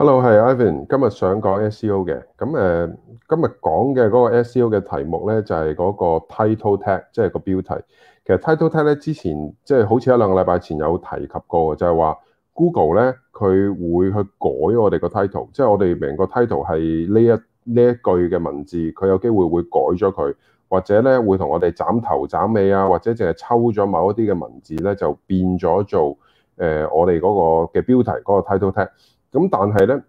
Hello，係 Ivan，今日想講 SEO 嘅，咁誒，今日講嘅嗰個 SEO 嘅題目咧就係、是、嗰個 Title Tag，即係個標題。其實 Title Tag 咧之前即係、就是、好似一兩個禮拜前有提及過，就係、是、話 Google 咧佢會去改我哋個 Title，即係我哋明個 Title 係呢一呢一句嘅文字，佢有機會會改咗佢，或者咧會同我哋斬頭斬尾啊，或者淨係抽咗某一啲嘅文字咧就變咗做誒、呃、我哋嗰個嘅標題嗰、那個 Title Tag。咁但係咧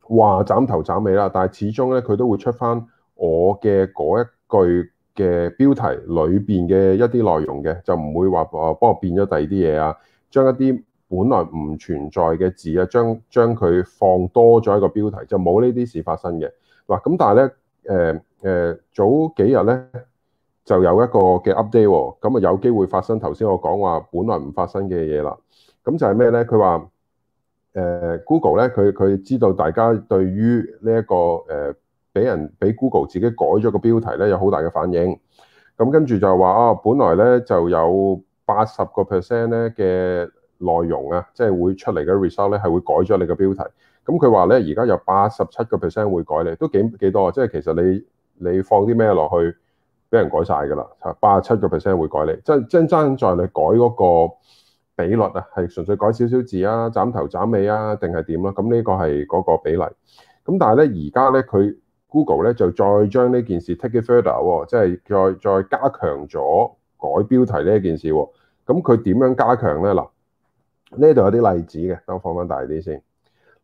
話斬頭斬尾啦，但係始終咧佢都會出翻我嘅嗰一句嘅標題裏邊嘅一啲內容嘅，就唔會話誒幫我變咗第二啲嘢啊，將一啲本來唔存在嘅字啊，將將佢放多咗一個標題，就冇呢啲事發生嘅。嗱、啊，咁但係咧誒誒早幾日咧就有一個嘅 update，咁、哦、啊有機會發生頭先我講話本來唔發生嘅嘢啦。咁就係咩咧？佢話。誒 Google 咧，佢佢知道大家對於呢一個誒俾人俾 Google 自己改咗個標題咧，有好大嘅反應。咁跟住就話啊，本來咧就有八十個 percent 咧嘅內容啊，即係會出嚟嘅 result 咧，係會改咗你嘅標題。咁佢話咧，而家有八十七個 percent 會改你，都幾幾多啊？即係其實你你放啲咩落去，俾人改晒㗎啦。八十七個 percent 會改你，真真真在你改嗰個。比率啊，係純粹改少少字啊，斬頭斬尾啊，定係點咯？咁呢個係嗰個比例。咁但係咧，而家咧佢 Google 咧就再將呢件事 take it further 喎，即係再再加強咗改標題呢一件事喎。咁佢點樣加強咧？嗱，呢度有啲例子嘅，等我放翻大啲先。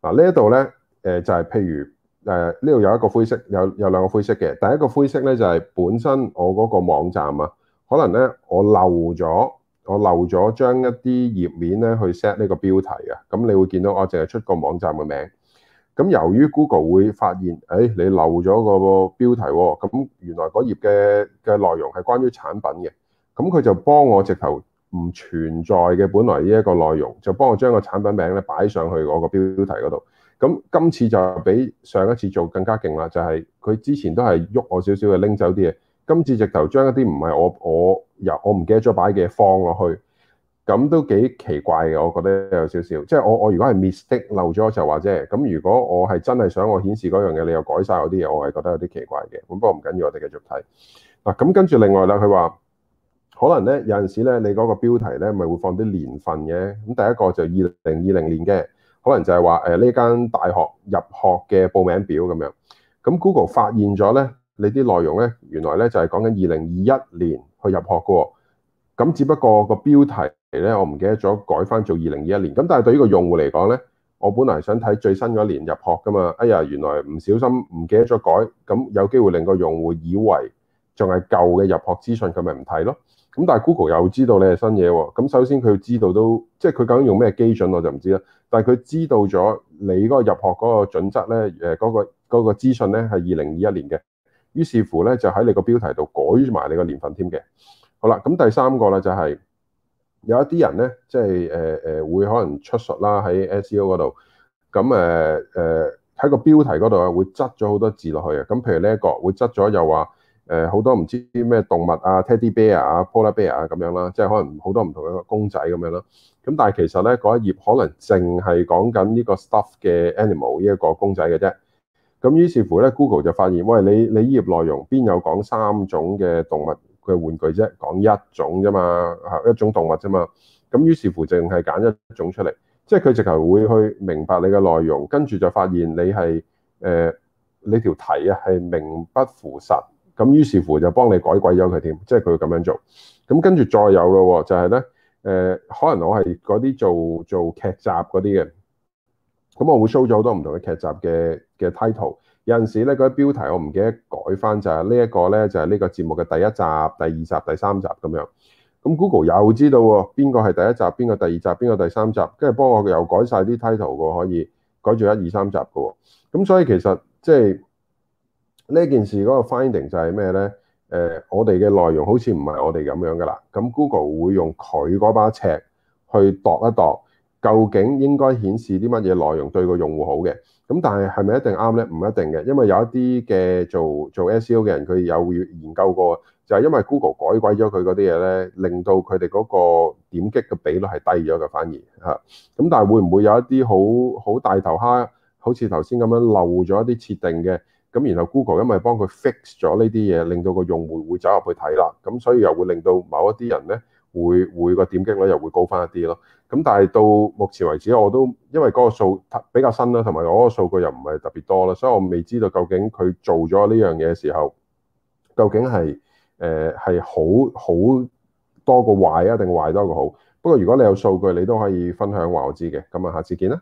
嗱，呢一度咧，誒就係譬如誒呢度有一個灰色，有有兩個灰色嘅。第一個灰色咧就係本身我嗰個網站啊，可能咧我漏咗。我漏咗將一啲頁面咧去 set 呢個標題啊，咁你會見到我淨係出個網站嘅名。咁由於 Google 會發現，哎、欸，你漏咗個標題喎，咁原來嗰頁嘅嘅內容係關於產品嘅，咁佢就幫我直頭唔存在嘅本來呢一個內容，就幫我將個產品名咧擺上去嗰個標題嗰度。咁今次就比上一次做更加勁啦，就係、係、佢之前都係喐我少少嘅拎走啲嘢。今次直頭將一啲唔係我我由我唔記得咗擺嘅放落去，咁都幾奇怪嘅，我覺得有少少。即係我我如果係 miss 掉漏咗就話啫。咁如果我係真係想我顯示嗰樣嘢，你又改晒嗰啲嘢，我係覺得有啲奇怪嘅。咁不過唔緊要，我哋繼續睇嗱。咁、啊、跟住另外咧，佢話可能咧有陣時咧，你嗰個標題咧咪會放啲年份嘅。咁第一個就二零二零年嘅，可能就係話誒呢間大學入學嘅報名表咁樣。咁 Google 發現咗咧。你啲內容咧，原來咧就係講緊二零二一年去入學嘅喎、哦，咁只不過個標題咧，我唔記得咗改翻做二零二一年。咁但係對呢個用戶嚟講咧，我本來想睇最新嗰年入學噶嘛，哎呀，原來唔小心唔記得咗改，咁有機會令個用戶以為仲係舊嘅入學資訊，佢咪唔睇咯。咁但係 Google 又知道你係新嘢喎、哦，咁首先佢要知道都即係佢究竟用咩基準，我就唔知啦。但係佢知道咗你嗰個入學嗰個準則咧，誒嗰個嗰個資訊咧係二零二一年嘅。於是乎咧，就喺你個標題度改埋你個年份添嘅。好啦，咁第三個啦，就係有一啲人咧，即係誒誒會可能出術啦，喺 SEO 嗰度。咁誒誒喺個標題嗰度啊，會執咗好多字落去嘅。咁譬如呢一個會執咗，又話誒好多唔知咩動物啊，teddy bear 啊，polar bear 啊咁樣啦，即係可能好多唔同嘅公仔咁樣啦。咁但係其實咧，嗰一頁可能淨係講緊呢個 stuff 嘅 animal 呢一個公仔嘅啫。咁於是乎咧，Google 就發現，喂，你你頁內容邊有講三種嘅動物嘅玩具啫，講一種啫嘛，嚇一種動物啫嘛。咁於是乎，淨係揀一種出嚟，即係佢直頭會去明白你嘅內容，跟住就發現你係誒、呃、你條題啊係名不符實。咁於是乎就幫你改鬼咗佢添，即係佢咁樣做。咁跟住再有咯，就係咧誒，可能我係嗰啲做做劇集嗰啲嘅。咁我會 show 咗好多唔同嘅劇集嘅嘅 title，有陣時咧嗰啲標題我唔記得改翻，就係呢一個咧就係呢個節目嘅第一集、第二集、第三集咁樣。咁 Google 又知道邊個係第一集、邊個第二集、邊個第三集，跟住幫我又改晒啲 title 嘅，可以改做一二三集嘅、哦。咁所以其實即係呢件事嗰個 finding 就係咩咧？誒、呃，我哋嘅內容好似唔係我哋咁樣嘅啦。咁 Google 會用佢嗰把尺去度一度。究竟應該顯示啲乜嘢內容對個用戶好嘅？咁但係係咪一定啱咧？唔一定嘅，因為有一啲嘅做做 SEO 嘅人，佢有研究過，就係因為 Google 改鬼咗佢嗰啲嘢咧，令到佢哋嗰個點擊嘅比率係低咗嘅，反而嚇。咁但係會唔會有一啲好好大頭蝦，好似頭先咁樣漏咗一啲設定嘅？咁然後 Google 因為幫佢 fix 咗呢啲嘢，令到個用戶會走入去睇啦。咁所以又會令到某一啲人咧。會會個點擊率又會高返一啲咯，咁但係到目前為止我都因為嗰個數比較新啦，同埋我嗰個數據又唔係特別多啦，所以我未知道究竟佢做咗呢樣嘢嘅時候，究竟係誒係好好多過壞啊，定壞多過好？不過如果你有數據，你都可以分享話我知嘅，咁啊下次見啦。